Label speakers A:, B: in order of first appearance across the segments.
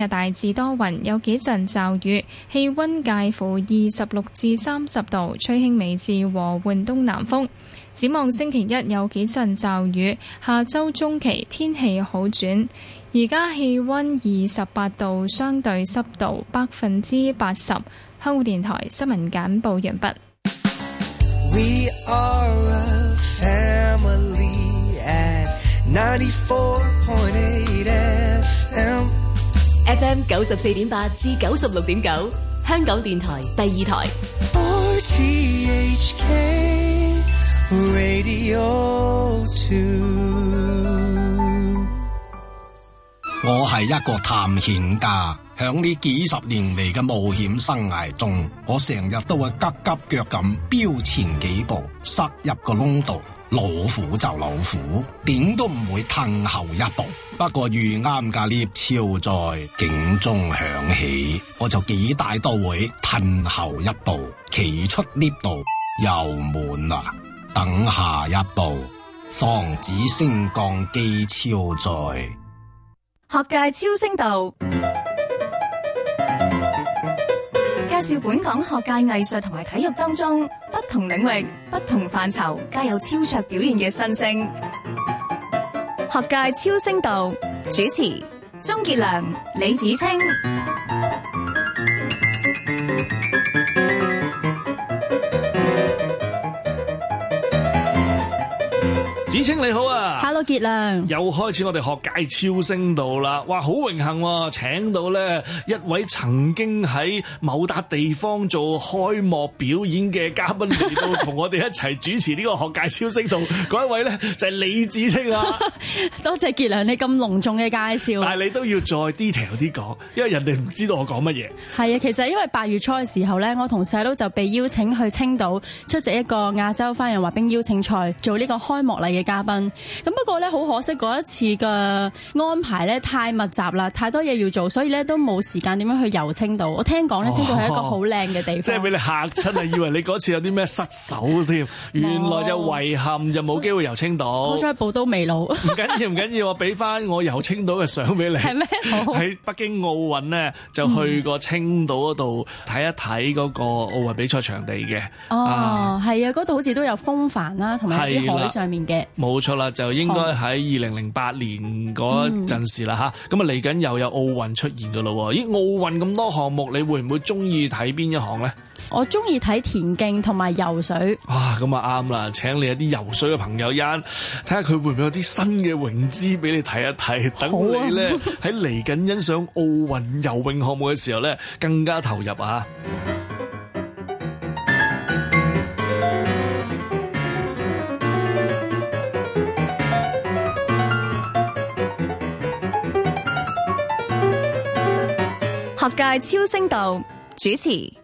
A: 日大致多雲，有幾陣驟雨，氣溫介乎二十六至三十度，吹輕微至和緩東南風。展望星期一有幾陣驟雨，下周中期天氣好轉。而家氣溫二十八度，相對濕度百分之八十。香港電台新聞簡報完畢。
B: FM 九十四點八至九十六點九，香港電台第二台。
C: RTHK Radio Two。
D: 我係一個探險家，響呢幾十年嚟嘅冒險生涯中，我成日都會急急腳咁，標前幾步，塞入個窿度，老虎就老虎，點都唔會退後一步。不過遇啱，架 lift 超載警鐘響起，我就幾大都會褪後一步，企出 lift 度又滿啦！等下一步，防止
C: 升降機超載。
B: 學界超星道介紹本港學界、藝術同埋體育當中不同領域、不同範疇皆有超卓表現嘅新星。學界超聲道主持：鍾傑良、李芷菁。
D: 芷菁你好啊，h e l l o 傑良，又開始我哋學界超聲度啦，哇好榮幸、啊、請到咧一位曾經喺某笪地方做開幕表演嘅嘉賓嚟到同我哋一齊主持呢個學界超聲度，嗰 一位咧就係、是、李芷菁啊，
B: 多謝傑良你咁隆重嘅介紹，但係
D: 你都要再 detail 啲講，因為人哋唔知道我講乜嘢。
B: 係啊， 其實因為八月初嘅時候咧，我同細佬就被邀請去青島出席一個亞洲花樣滑冰邀請賽，做呢個開幕禮嘉賓。咁不過咧，好可惜嗰一次嘅安排咧太密集啦，太多嘢要做，所以咧都冇時間點樣去遊青島。我聽講咧，青島係一個好靚嘅地方。即係俾
D: 你嚇親啊！以為你嗰次有啲咩失手添，原來就遺憾就冇機會遊青島。好彩
B: 步都未老。唔緊要，
D: 唔緊要，我俾翻我遊青島嘅相俾你。係咩？喺北京奧運咧，就去過青島嗰度睇一睇嗰個奧運比賽場地嘅。
B: 哦，係啊，嗰度好似都有風帆啦，同埋啲海上面嘅。
D: 冇錯啦，就應該喺二零零八年嗰陣時啦吓，咁啊嚟緊又有奧運出現噶咯喎！咦，奧運咁多項目，你會唔會中意睇邊一項咧？
B: 我中意睇田徑同埋游水。
D: 啊。咁啊啱咁啦，請你一啲游水嘅朋友一陣，睇下佢會唔會有啲新嘅泳姿俾你睇一睇，等好、啊、你咧喺嚟緊欣賞奧運游泳項目嘅時候咧，更加投入啊！
B: 學界超聲道主持鍾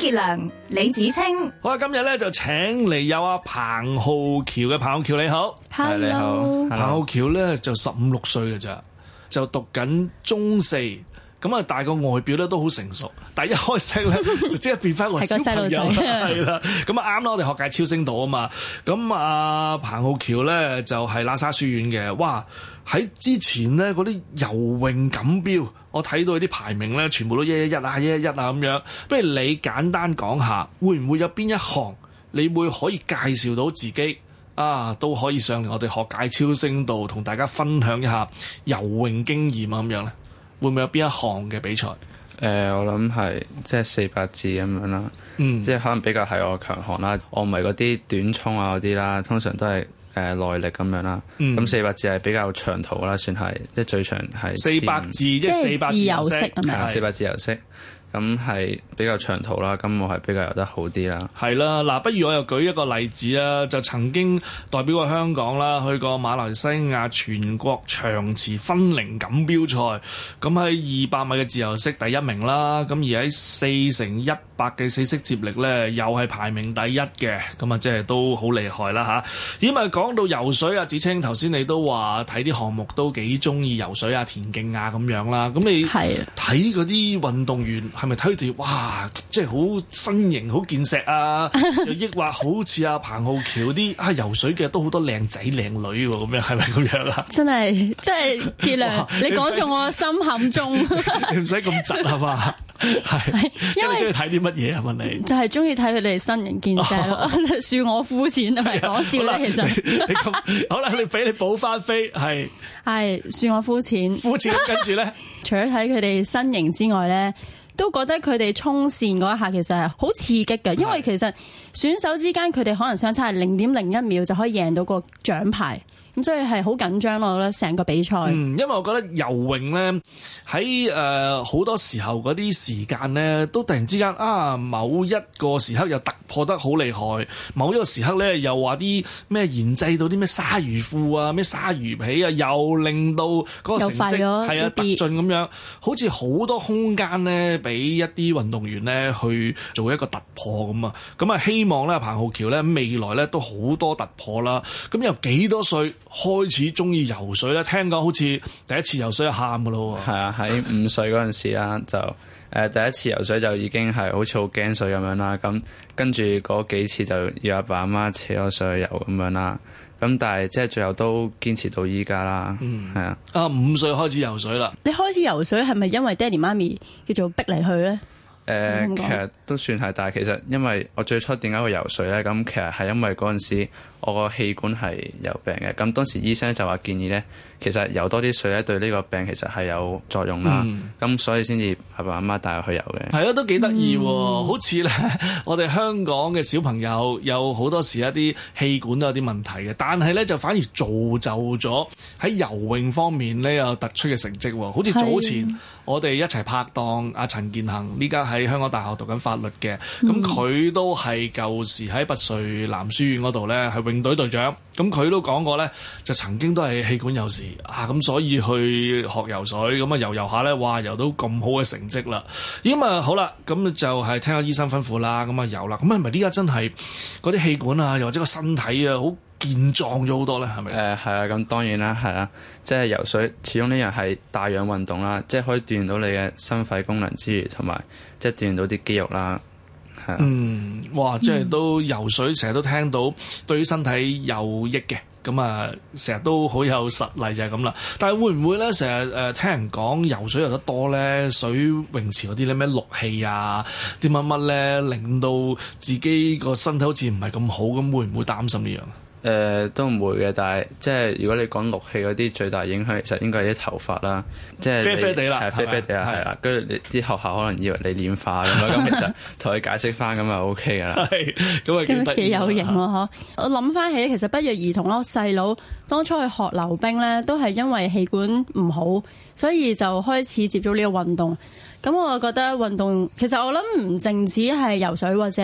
B: 傑良、李芷菁，
D: 好啊！今日咧就請嚟有阿彭昊翹嘅彭昊翹，你好，係 yo 你好，彭昊翹咧就十五六歲㗎咋，就讀緊中四，咁啊大個外表咧都好成熟，但係一開聲咧就即刻變翻個小朋友，係啦， 咁啊啱啦，我哋學界超聲道啊嘛，咁啊彭昊翹咧就係、是、喇沙書院嘅，哇喺之前咧嗰啲游泳錦標。我睇到啲排名咧，全部都一一一啊，一一一啊咁、啊、樣。不如你簡單講下，會唔會有邊一項你會可以介紹到自己啊？都可以上嚟我哋學界超新星度同大家分享一下游泳經驗啊咁樣咧，會唔會有邊一項
E: 嘅比賽？誒、呃，我諗係即係四百自咁樣啦，即係可能比較係我強項啦。我唔係嗰啲短衝啊嗰啲啦，通常都係。誒，耐、呃、力咁樣啦，咁、嗯、四百自係比較長途啦，算係即係最長係四百自，即四百自，四百自游式。咁係比較長途啦，咁我係比較游得好啲啦。係
D: 啦，嗱，不如我又舉一個例子啊，就曾經代表過香港啦，去過馬來西亞全國長池分齡錦標賽，咁喺二百米嘅自由式第一名啦，咁而喺四乘一百嘅四式接力呢，又係排名第一嘅，咁啊，即係都好厲害啦吓，咦、啊，咪講到游水啊，芷菁頭先你都話睇啲項目都幾中意游水啊、田徑啊咁樣啦，咁你睇嗰啲運動員。係咪睇佢哋哇？即係好身型好健碩啊！又抑或好似阿彭昊翹啲啊，游水嘅都好多靚仔靚女喎？咁樣係咪咁樣啊？
B: 真係即係傑良，你講中我心坎中，
D: 你唔使咁窒，係嘛！係因為中意睇啲乜嘢啊？問你，
B: 就係中意睇佢哋身型健碩。算我膚淺，唔係講笑啦。其實，
D: 好啦，你俾你補
B: 翻飛係係算我膚淺。膚淺跟住咧，除咗睇佢哋身型之外咧。都覺得佢哋衝線嗰一下其實係好刺激嘅，因為其實選手之間，佢哋可能相差係零點零一秒就可以贏到個獎牌。咁所以係好緊張咯，我覺得成個比賽。嗯，
D: 因為我覺得游泳呢，喺誒好多時候嗰啲時間呢，都突然之間啊，某一個時刻又突破得好厲害，某一個時刻呢，又話啲咩研製到啲咩鯊魚褲啊、咩鯊魚皮啊，又令到嗰個成績係啊突進咁樣，個好似好多空間呢，俾一啲運動員呢去做一個突破咁啊！咁啊，希望呢，彭昊翹呢，未來呢，都好多突破啦。咁有幾多歲？開始中意游水咧，聽講好似
E: 第一次游水就喊噶咯喎。係啊，喺五歲嗰陣時啦，就誒、呃、第一次游水就已經係好似好驚水咁樣啦。咁跟住嗰幾次就要阿爸阿媽扯我上去游咁樣啦。咁但係即係最後都堅持到依家啦。嗯，係啊。啊，五歲開始游水啦。
B: 你開始游水係咪因為爹哋媽咪叫做逼你去咧？
E: 誒，嗯、其實都算係，但係其實因為我最初點解會游水呢？咁其實係因為嗰陣時我個氣管係有病嘅，咁當時醫生就話建議呢。其實游多啲水咧，對呢個病其實係有作用啦。咁、嗯、所以先至阿爸阿媽帶我去游嘅。
D: 係啊，都幾得意，嗯、好似咧，我哋香港嘅小朋友有好多時一啲氣管都有啲問題嘅，但係咧就反而造就咗喺游泳方面呢有突出嘅成績。好似早前我哋一齊拍檔阿陳建恒，依家喺香港大學讀緊法律嘅，咁佢、嗯、都係舊時喺拔萃男書院嗰度咧係泳隊隊長。咁佢都講過咧，就曾經都係氣管有事啊，咁所以去學游水，咁啊遊遊下咧，哇，游到咁好嘅成績啦。咁啊好啦，咁就係聽下醫生吩咐啦，咁啊游啦。咁係咪依家真
E: 係嗰啲氣管啊，又或者個身體啊好健壯咗好多咧？係咪？呃，啊，誒係啊，咁當然啦，係啦，啊，即係游水，始終呢樣係帶氧運動啦，即係可以鍛鍊到你嘅心肺功能之餘，同埋即係鍛鍊到啲肌肉啦。
D: 嗯，
E: 哇！嗯、即係都游水，成日都聽到對於身體有益嘅。咁啊，成日都
D: 好有實例就係咁啦。但係會唔會咧，成日誒聽人講游水游得多咧，水泳池嗰啲咧咩氯氣啊，啲乜乜咧，令到自己個身體好似唔係咁好，咁會唔會擔心呢樣啊？
E: 誒、呃，都唔會嘅，但係即係如果你講氯氣嗰啲最大影響，其實應該係啲頭髮啦，即係啡啡地啦，係啡啡地啊，係啦，跟住你啲學校可能以為你染化咁樣，咁其實同佢 解釋翻咁就 O K 噶啦。咁啊幾得意啊，幾有型
B: 咯嗬！我諗翻起其實不約而同咯，細佬當初去學溜冰咧，都係因為氣管唔好，所以就開始接觸呢個運動。咁我覺得運動其實我諗唔淨止係游水或者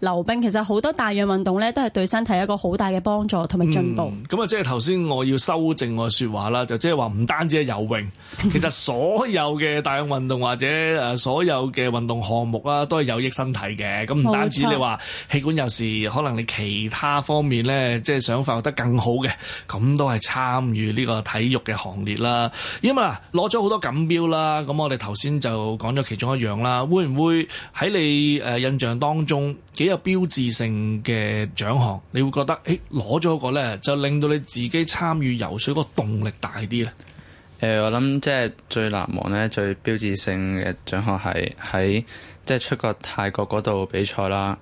B: 溜冰，其實好多大氧運動咧都係對身體一個好大嘅幫助同埋進步。
D: 咁啊、嗯，即係頭先我要修正我說話啦，就即係話唔單止係游泳， 其實所有嘅大氧運動或者誒所有嘅運動項目啊，都係有益身體嘅。咁唔單止你話錯氣管有，有時可能你其他方面咧，即係想發育得更好嘅，咁都係參與呢個體育嘅行列啦。因為啊攞咗好多錦標啦，咁我哋頭先就。講咗其中一樣啦，會唔會喺你誒印象當中幾有標誌
E: 性嘅獎項？你會覺得誒，攞咗個呢，就令到你自己參與游水嗰個動力大啲咧？誒、呃，我諗即係最難忘呢，最標誌性嘅獎項係喺即係出過泰國嗰度比賽啦。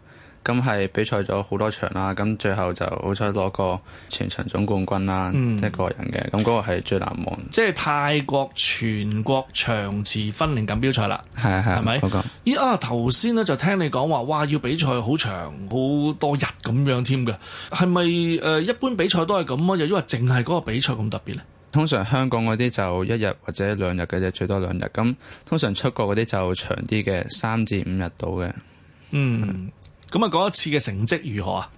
E: 咁係比賽咗好多場啦，咁最後就好彩攞個全場總冠軍啦，嗯、一個人嘅，咁、那、嗰個係最難忘。
D: 即係泰國全國長池分齡錦標賽啦，
E: 係啊係啊，係咪？
D: 咦啊，頭先咧就聽你講話，哇，要比賽好長好多日咁樣，添嘅，係咪？誒，一般比賽都係咁啊，又因為淨係嗰個比賽咁特別咧？
E: 通常香港嗰啲就一日或者兩日嘅，啫，最多兩日。咁通常出國嗰啲就長啲嘅，三至五日到嘅。嗯。咁啊，嗰一次嘅成績如何啊？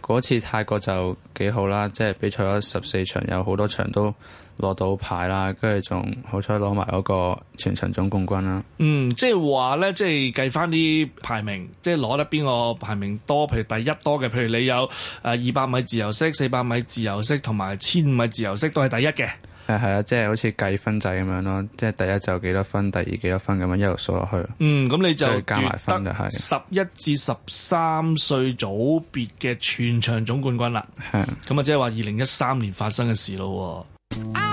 E: 嗰次泰國就幾好啦，即係比賽咗十四場，有好多場都攞到牌啦，跟住仲好彩攞埋嗰個全場總冠軍啦。嗯，
D: 即係話呢，即係計返啲排名，即係攞得邊個排名多？譬如第一多嘅，譬如你有誒二百米自由式、四百米自由式同埋千米自由式都係第一嘅。
E: 係係啊，即係好似計分制咁樣咯，即係第一就幾多分，第二幾多分咁樣一路數落去。
D: 嗯，咁你就加埋分就係。十一至十三歲組別嘅全場總冠軍啦。係、嗯。咁啊，即係話二零一三年發生嘅事咯。啊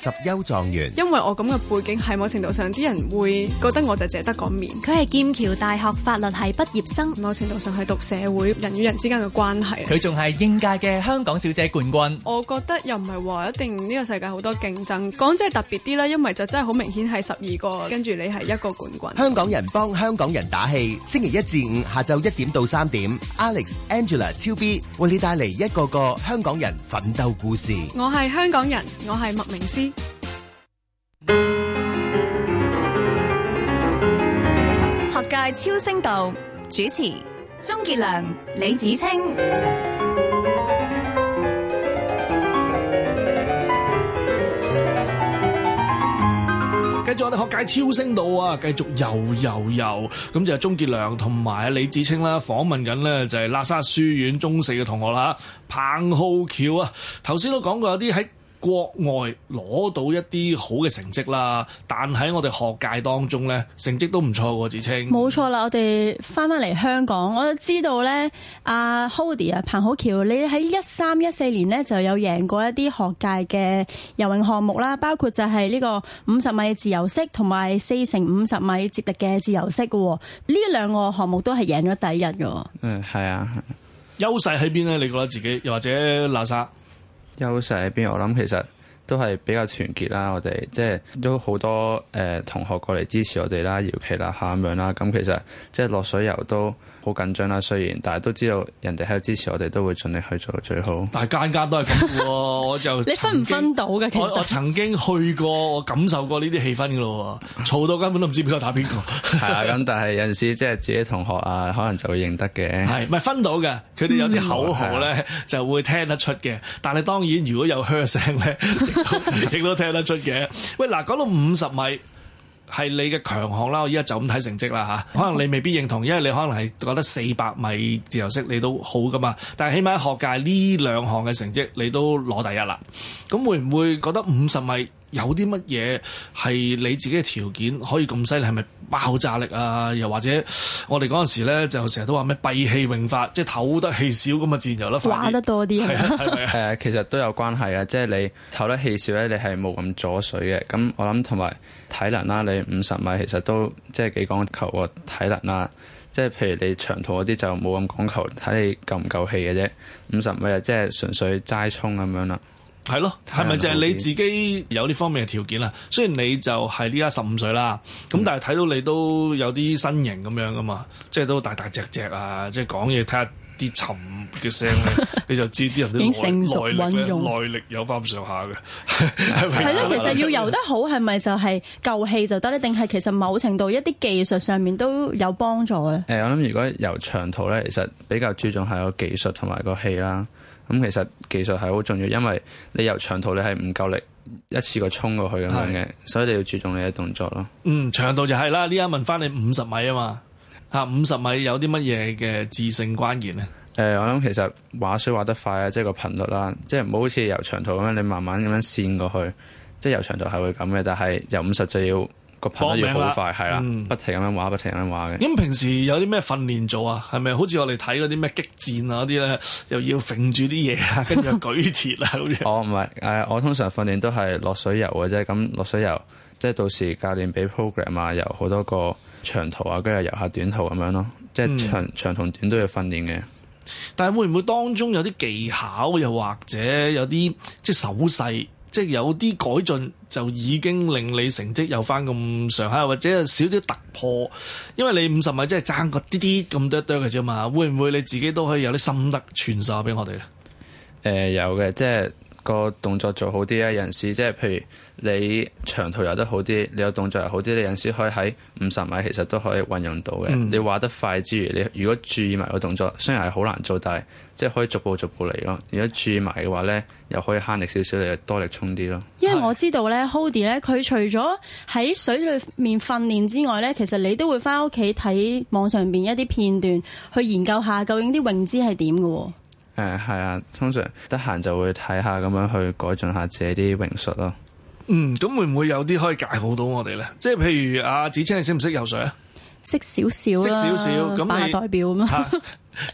C: 十優狀元，
B: 因為我咁嘅背景，喺某程度上啲人會覺得我就係淨係得個面。佢係劍橋大學法律系畢業生，某程度上係讀社會人與人之間嘅關係。佢
D: 仲係應屆嘅香港小姐冠軍。
B: 我覺得又唔係話一定呢個世界好多競爭，港姐特別啲啦，因為就真係好明顯係十二個，跟住你係一個冠軍。
C: 香港人幫香港人打氣，星期一至五下晝一點到三點，Alex Angela 超 B 為你帶嚟一個個香港人奮鬥故事。
B: 我係香港人，我係麥明詩。學界超聲道主持鍾傑良、李芷菁，
D: 繼續我哋學界超聲道啊，繼續游又游，游。咁就係鍾傑良同埋啊李芷菁啦，訪問緊呢就係喇沙書院中四嘅同學啦，彭昊翹啊，頭先都講過有啲喺。國外攞到一啲好嘅成績啦，但喺我哋學界當中咧，成績都唔錯喎，芷菁。
B: 冇錯啦，我哋翻翻嚟香港，我都知道咧，阿 Hody 啊，ody，彭昊翹，你喺一三一四年咧就有贏過一啲學界嘅游泳項目啦，包括就係呢個五十米自由式同埋四乘五十米接力嘅自由式嘅，呢兩個項目都係贏咗第一嘅。嗯，
E: 係啊，優勢喺邊咧？你覺得自己又或者喇沙？優勢喺邊？我諗其實都係比較團結啦，我哋即係都好多誒、呃、同學過嚟支持我哋啦、搖旗啦，喊咁樣啦，咁其實即係落水游都，好緊張啦，雖然，但係都知道人哋喺度支持我哋，都會盡力去做最好。但係間
D: 間都係咁喎， 我就你分唔分到嘅？其實我，我曾經去過，我感受過呢啲氣氛嘅咯，嘈 到根本都唔知邊個打邊
E: 個。係啊， 咁但係有陣時即係自己同學啊，可能就會認得嘅。係， 唔係分到嘅，
D: 佢哋有啲口號咧、嗯、 就會聽得出嘅。但係當然如果有噓聲咧，亦都，都聽得出嘅。喂，嗱，講到五十米。係你嘅強項啦，我而家就咁睇成績啦嚇，可能你未必認同，因為你可能係覺得四百米自由式你都好㗎嘛，但係起碼喺學界呢兩項嘅成績你都攞第一啦，咁會唔會覺得五十米？有啲乜嘢係你自己嘅條件可以咁犀利？係咪爆炸力啊？又或者我哋嗰陣時咧就成日都話咩閉氣泳法，即係唞
E: 得氣少咁啊，自然有得快。划得多啲係啊，誒、啊 呃，其實都有關係啊，即係你唞得氣少咧，你係冇咁阻水嘅。咁我諗同埋體能啦，你五十米其實都即係幾講求喎體能啦。即係譬如你長途嗰啲就冇咁講求，睇你夠唔夠氣嘅啫。五十米啊，即係純粹齋衝咁樣啦。
D: 係咯，係咪就係你自己有呢方面嘅條件啦？雖然你就係呢家十五歲啦，咁但係睇到你都有啲身形咁樣噶嘛，嗯、即係都大大隻隻啊！即係講嘢睇下啲沉嘅聲 你就知啲人都耐力耐住力有翻咁上下
E: 嘅。係咪？係咯， 其實要游得
B: 好係咪就係夠氣就得咧？定係其實某程度一啲技術上面都有幫助咧？
E: 誒、欸，我諗如果游長途咧，其實比較注重係個技術同埋個氣啦。咁其實技術係好重要，因為你由長途你係唔夠力一次過衝過去咁樣嘅，的所以你要注重你嘅動作咯。
D: 嗯，長途就係啦，呢家問翻你五十米啊嘛，吓五十米有啲乜嘢嘅致勝關鍵咧？
E: 誒、呃，我諗其實畫水畫得快啊，即係個頻率啦，即係唔好好似由長途咁樣你慢慢咁樣扇過去，即係由長途係會咁嘅，但係由五十就要。個頻率要好快，係啦的、嗯，不停咁樣畫，不停咁樣畫嘅。
D: 咁平時有啲咩訓練做啊？係咪好似我哋睇嗰啲咩激戰
E: 啊嗰啲咧，又要揈住啲嘢啊，跟住舉鐵啊好似，哦，唔係，誒，我通常訓練都係落水游嘅啫。咁落水游，即係到時教練俾 program 啊，有好多個長途啊，跟住游下短途咁樣咯。即係長、嗯、長同短都要訓練嘅。
D: 但係會唔會當中有啲技巧，又或者有啲即係手勢，即係有啲改進，就已經令你成績有翻咁上下，或者少少突破，因為你五十米真係爭個啲啲咁多一嘅啫嘛。會唔會你自己都可以有啲心得傳授俾我哋
E: 咧？誒、呃，有嘅，即係、個動作做好啲啦，人士，即係譬如。你長途游得好啲，你有動作又好啲，你有時可以喺五十米其實都可以運用到嘅。嗯、你划得快之餘，你如果注意埋個動作，雖然係好難做，但係即係可以逐步逐步嚟咯。如果注意埋嘅話咧，又可以慳力少少，你又多力衝啲咯。
B: 因為我知道咧，Hody 咧佢除咗喺水裏面訓練之外咧，其實你都會返屋企睇網上邊一啲片段去研究下，究竟啲泳姿係
E: 點㗎。誒係、嗯、啊，通常得閒就會睇下咁樣去改進下自己啲泳術咯。
D: 嗯，咁會唔會有啲可以解剖到我哋咧？即係譬如阿、啊、芷菁，你識唔識游水啊？
B: 識少少，識少少，咁你代表咁咯。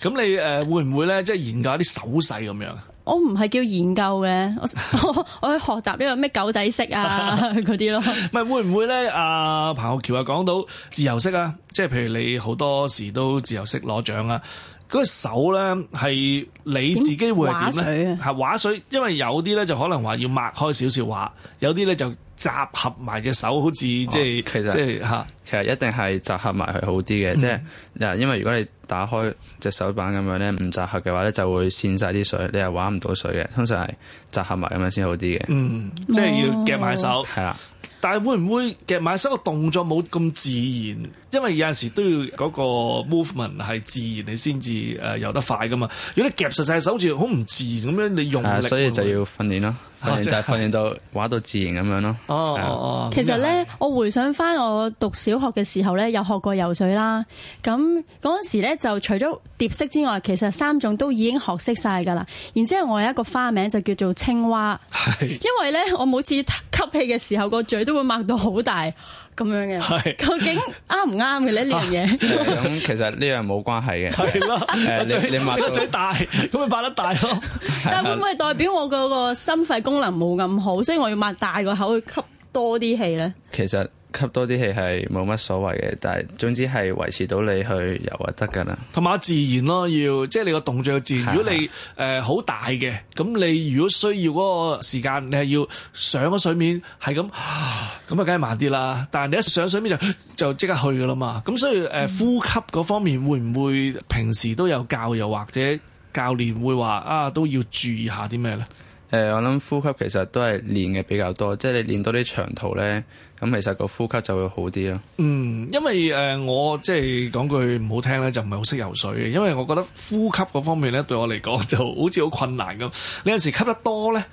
D: 咁你誒， 你會唔會咧？即係研究一啲手勢咁樣？
B: 我唔係叫研究嘅，我我，我去學習呢個咩狗仔式啊
D: 嗰啲咯。唔係會唔會咧？阿彭昊翹又講到自由式啊，即係譬如你好多時都自由式攞獎啊。嗰手咧係你自己會係點咧？係畫水、啊、畫水，因為有啲咧就可能話要擘開少
E: 少畫，有啲咧就集合埋隻手，好似、就是哦、即係即係吓。啊、其實一定係集合埋係好啲嘅，即係嗱，因為如果你打開隻手板咁樣咧，唔集合嘅話咧就會濺晒啲水，你係玩唔到水嘅。通常係集合埋咁樣先好啲嘅，嗯，哦、即係要夾埋手係啦。
D: 但係會唔會夾埋手個動作冇咁自然？因為有陣時都要嗰個 movement 係自然，你先至誒游得快噶嘛。如果你夾實晒手，好似好唔自然咁樣，你用力會會、啊。所以就
E: 要訓練啦。訓練就訓練到畫到自然咁樣咯。哦哦是其實咧，
B: 我回想翻我讀小學嘅時候咧，有學過游水啦。咁嗰時咧就除咗蝶式之外，其實三種都已經學識晒噶啦。然之後我有一個花名就叫做青蛙， 因為咧我每次吸氣嘅時候個嘴都會擘到好大。咁樣嘅，是究竟啱唔啱嘅咧呢樣嘢？咁、啊、 其
E: 實呢樣冇關係嘅，係咯，你 你擘得最大，咁咪擘得大咯。但會唔
B: 會代表我嗰個心肺功能冇咁好，所以我要擘大個口去吸多啲氣咧？
E: 其實。吸多啲氣係冇乜所謂嘅，但係總之係維持到你去游就得噶啦。同埋自然咯，要即係你個動
D: 作要自然。的如果你誒好、呃、大嘅，咁你如果需要嗰個時間，你係要上個水面係咁，咁啊梗係慢啲啦。但係你一上水面就就即刻去噶啦嘛。咁所以誒、呃、呼吸嗰方面會唔會平時都有教，又或者
E: 教練會話啊都要注意下啲咩咧？誒、呃，我諗呼吸其實都係練嘅比較多，即係你練多啲長途咧。咁其實個呼吸就會好啲咯。嗯，
D: 因為誒、呃、我即係講句唔好聽咧，就唔係好識游水嘅。因為我覺得呼吸嗰方面咧，對我嚟講就好似好困難咁。你有時吸得多咧，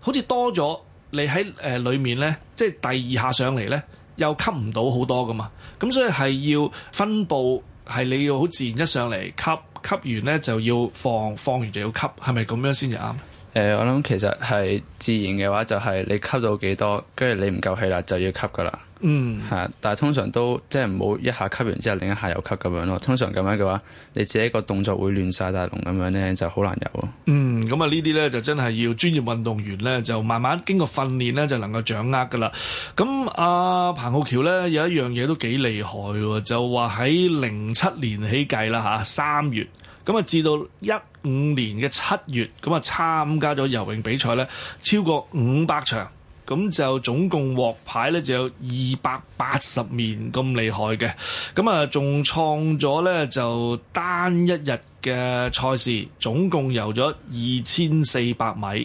D: 好似多咗，你喺誒裏面咧，即係第二下上嚟咧，又吸唔到好多噶嘛。咁所以係要分佈，係你要好自然一上嚟吸，吸完咧就要放，放完就要吸，係咪咁樣先至啱？
E: 誒、呃，我諗其實係自然嘅話，就係你吸到幾多，跟住你唔夠氣啦，就要吸噶啦。嗯，吓，但係通常都即係唔好一下吸完之後，另一下又吸咁樣咯。通常咁樣嘅話，你自己個動作會亂晒大龍咁樣咧、嗯，就好難有咯。嗯，
D: 咁啊呢啲咧就真係要專業運動員咧，就慢慢經過訓練咧就能夠掌握噶啦。咁阿、啊、彭昊翹咧有一樣嘢都幾厲害，就話喺零七年起計啦吓，三、啊、月。咁啊，至到一五年嘅七月，咁啊參加咗游泳比賽咧，超過五百場。咁就總共獲牌咧，就有二百八十面咁厲害嘅，咁啊仲創咗咧就單一日嘅賽事，總共游咗二千四百米，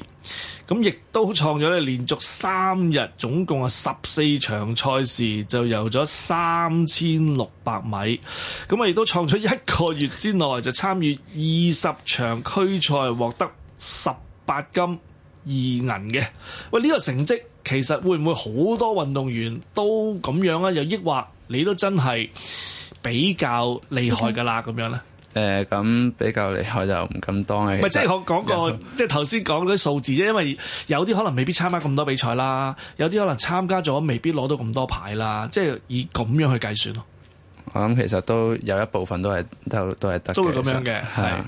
D: 咁亦都創咗咧連續三日總共啊十四場賽事就游咗三千六百米，咁啊亦都創咗一個月之內就參與二十場區賽獲得十八金二銀嘅，喂呢個成績！其實會唔會好多運動員都咁樣啊？又抑或你都真係比較厲害噶啦？咁 樣咧？
E: 誒、呃，咁比較厲害就唔敢當嘅。即係
D: 我講過，即係頭先講嗰啲數字啫。因為有啲可能未必參加咁多比賽啦，有啲可能參加咗未必攞到咁多牌啦。即係以咁樣去計算咯。
E: 我諗其實都有一部分都係都都係得都會咁樣嘅，係在。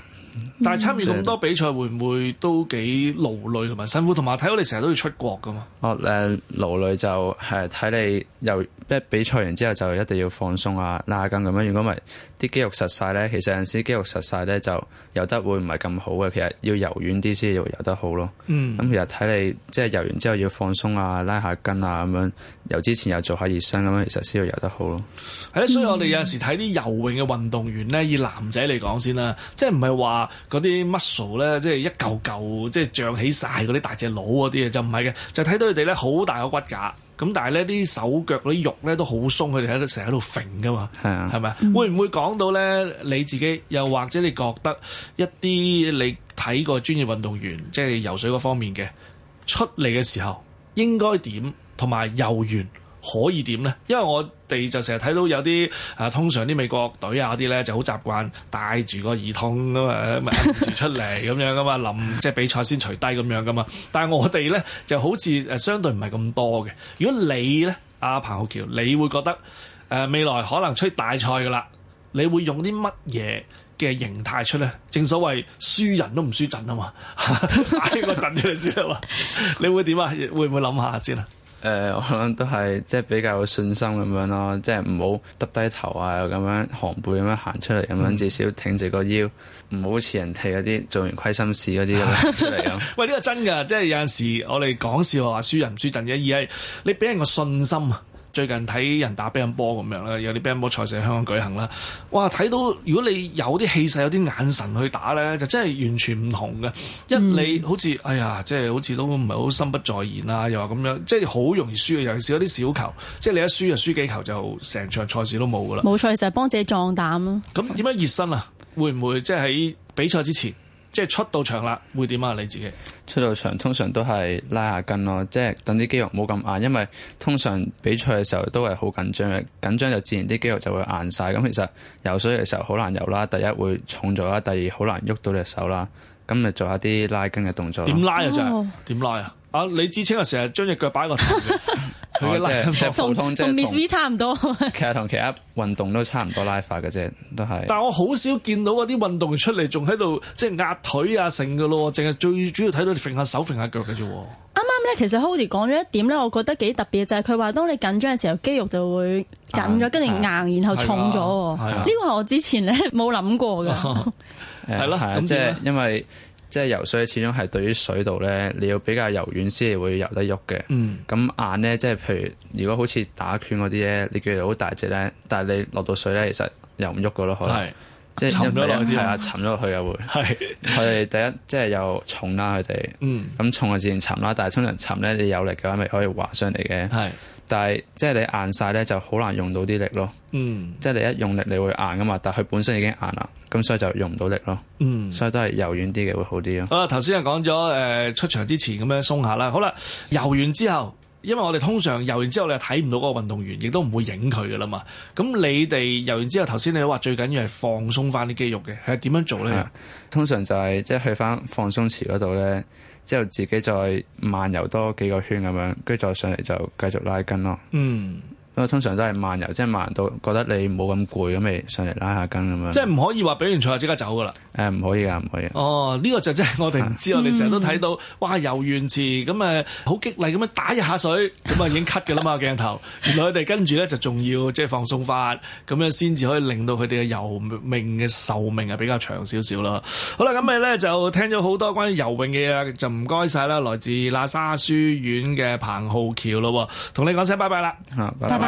D: 但係參與咁多比賽會唔會都幾勞累同埋辛苦？同埋睇到你成日都要出國噶嘛。
E: 哦、嗯，誒，勞累就係睇你又。即係比賽完之後就一定要放鬆啊，拉下筋咁樣。如果唔係，啲肌肉實晒咧，其實有陣時肌肉實晒咧就游得會唔係咁好嘅。其實要柔軟啲先要游得好咯。嗯，咁其實睇你即係、就是、游完之後要放鬆啊，拉下筋啊咁樣。游之前又做下熱身咁樣，其實先要游得好咯。係咯、嗯，所以我哋有陣時睇啲游泳嘅運動員咧，以男仔嚟講先啦，即係唔係話嗰啲
D: muscle 咧，即係一嚿嚿即係脹起晒嗰啲大隻佬嗰啲嘢就唔係嘅，就睇、就是、到佢哋咧好大個骨架。咁但係咧，啲手腳啲肉咧都好鬆，佢哋喺度成日喺度揈㗎嘛，係啊，係咪？會唔會講到咧？你自己又或者你覺得一啲你睇過專業運動員即係游水嗰方面嘅出嚟嘅時候應該點同埋遊完？可以點咧？因為我哋就成日睇到有啲誒、啊，通常啲美國隊啊啲咧就，啊 啊啊、就好習慣帶住個耳筒咁啊，咪出嚟咁樣噶嘛，臨即係比賽先除低咁樣噶嘛。但係我哋咧就好似誒，相對唔係咁多嘅。如果你咧，阿、啊、彭昊翹，你會覺得誒、呃、未來可能出大賽噶啦，你會用啲乜嘢嘅形態出咧？正所謂輸人都唔輸陣啊嘛，
E: 嗌、啊、個陣出嚟先啊嘛、啊啊，你會點啊？會唔會諗下先啊？誒、呃，我諗都係即係比較有信心咁樣咯，即係唔好耷低頭啊，咁樣寒背咁樣行出嚟，咁樣、嗯、至少挺直個腰，唔好似人哋嗰啲做完虧心事嗰啲出嚟咁。
D: 喂，呢、呢個真㗎，即係有陣時我哋講笑話輸人唔輸陣嘅，而係你俾人個信心。最近睇人打乒乓波咁樣啦，有啲乒乓波賽事喺香港舉行啦。哇，睇到如果你有啲氣勢、有啲眼神去打咧，就真係完全唔同嘅。一你好似、嗯、哎呀，即係好似都唔係好心不在焉啊，又話咁樣，即係好容易輸啊。尤其是有啲小球，即係你一輸就輸幾球，就成場賽事都冇噶啦。冇
B: 錯，就係幫自己壯膽咯。
D: 咁點樣熱身啊？
E: 會唔會即係喺比賽之前？即係出
D: 到場啦，會點啊？你自己
E: 出到場通常都係拉下筋咯，即係等啲肌肉冇咁硬，因為通常比賽嘅時候都係好緊張嘅，緊張就自然啲肌肉就會硬晒。咁其實游水嘅時候好難游啦，第一會重咗啦，第二好難喐到你隻手啦，咁你做下啲拉筋嘅動作。點拉啊真係？
D: 點拉啊？阿李芷菁啊，成日將隻
E: 腳擺個頭。 佢嘅同 miss V 差唔多。其實同其他運動都差唔多拉法嘅啫，都係。但係我好少見到嗰啲運動出嚟，仲喺度即係壓
D: 腿啊，成㗎咯，淨係最主要睇到揈下手、揈下腳嘅啫。啱
B: 啱咧，其實 Hody 講咗一點咧，我覺得幾特別就係佢話，當你緊張嘅時候，肌肉就會緊咗，跟住硬，然後重咗。呢個係我之前咧冇諗過㗎。係
E: 咯，係咁即係因為。即係游水，始終係對於水度咧，你要比較柔軟先係會游得喐嘅。咁、嗯、硬咧，即係譬如如果好似打拳嗰啲咧，你叫佢好大隻咧，但係你落到水咧，其實游唔喐嘅咯，可能係。係。即係因為係啊，沉咗落去嘅會。係。佢哋第一即係又重啦，佢哋。嗯。咁重啊，自然沉啦。但係通常沉咧，你有力嘅話，咪可以滑上嚟嘅。係。但係即係你硬晒咧，就好難用到啲力咯。嗯，即係你一用力，你會硬噶嘛。但係佢本身已經硬啦，咁所以就用唔到力咯。嗯，所以都係柔軟啲嘅會好啲咯。啊，頭先又講咗誒出場之
D: 前咁樣鬆下啦。好啦，游完之後，因為我哋通常游完之後，你又睇唔到嗰個運動員，亦都唔會影佢噶啦嘛。咁你哋
E: 游完之後，頭先你話最緊要係放鬆翻啲肌肉嘅，係點樣做咧？通常就係、是、即係去翻放鬆池嗰度咧。之後自己再慢游多幾個圈咁樣，跟住再上嚟就繼續拉筋咯。嗯。通常都係慢游，即、就、係、是、慢到覺得你冇咁攰咁，咪上嚟拉下筋咁啊！即係唔、
D: 嗯、可以話比完賽即刻走噶啦！誒，唔
E: 可以啊，唔可以。哦，
D: 呢、這個就真係我哋唔知，啊、我哋成日都睇到，哇游完池咁誒，好、嗯嗯、激勵咁樣打一下水，咁啊已經咳噶啦嘛鏡 頭。原來佢哋跟住咧就仲要即係放鬆法，咁樣先至可以令到佢哋嘅游命嘅壽命係比較長少少啦。好啦，咁你咧就聽咗好多關於游泳嘅嘢，就唔該晒啦，來自喇沙書院嘅彭昊翹咯，同你講聲拜拜啦，拜拜。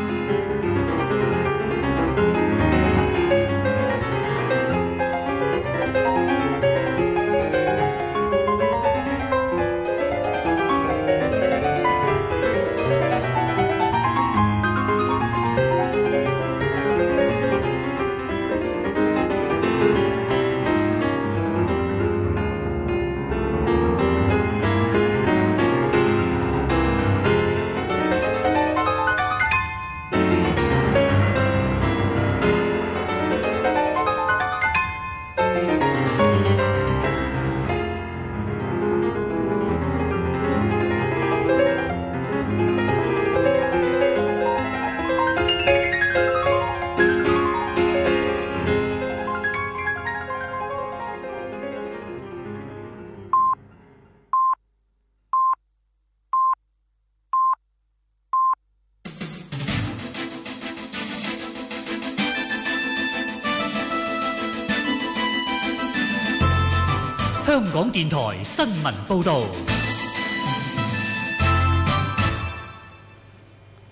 B: 電台新聞報道。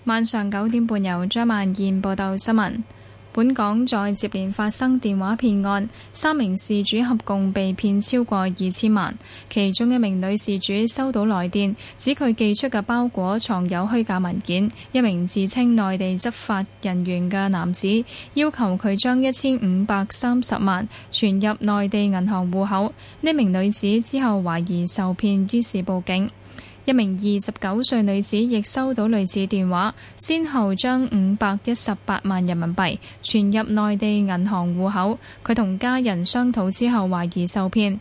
A: 晚上九點半，由張萬燕報道新聞。本港再接連發生電話騙案，三名事主合共被騙超過二千萬。其中一名女事主收到來電，指佢寄出嘅包裹藏有虛假文件。一名自稱內地執法人員嘅男子要求佢將一千五百三十萬存入內地銀行戶口。呢名女子之後懷疑受騙，於是報警。一名二十九歲女子亦收到類似電話，先後將五百一十八萬人民幣存入內地銀行戶口。佢同家人商討之後，懷疑受騙。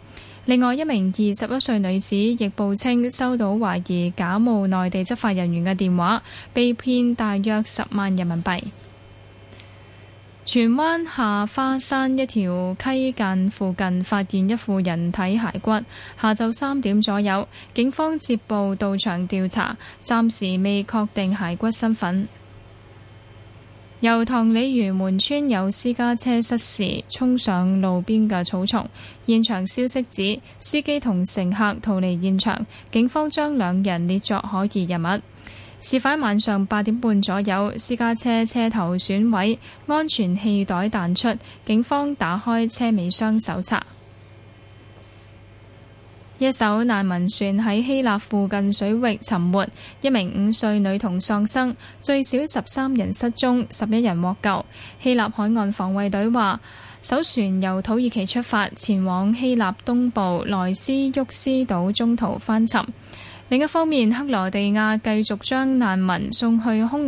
A: 另外一名二十一歲女子亦報稱收到懷疑假冒內地執法人員嘅電話，被騙大約十萬人民幣。荃灣下花山一條溪澗附近發現一副人體骸骨，下晝三點左右，警方接報到場調查，暫時未確定骸骨身份。油塘鯉魚門村有私家車失事，衝上路邊嘅草叢，現場消息指司機同乘客逃離現場，警方將兩人列作可疑人物。事發晚上八點半左右，私家車車頭損毀，安全氣袋彈出，警方打開車尾箱搜查。一艘難民船喺希臘附近水域沉沒，一名五歲女童喪生，最少十三人失蹤，十一人獲救。希臘海岸防衛隊話，艘船由土耳其出發，前往希臘東部萊斯沃斯島，島，中途翻沉。另一方面，克羅地亞繼續將難民送去匈牙利。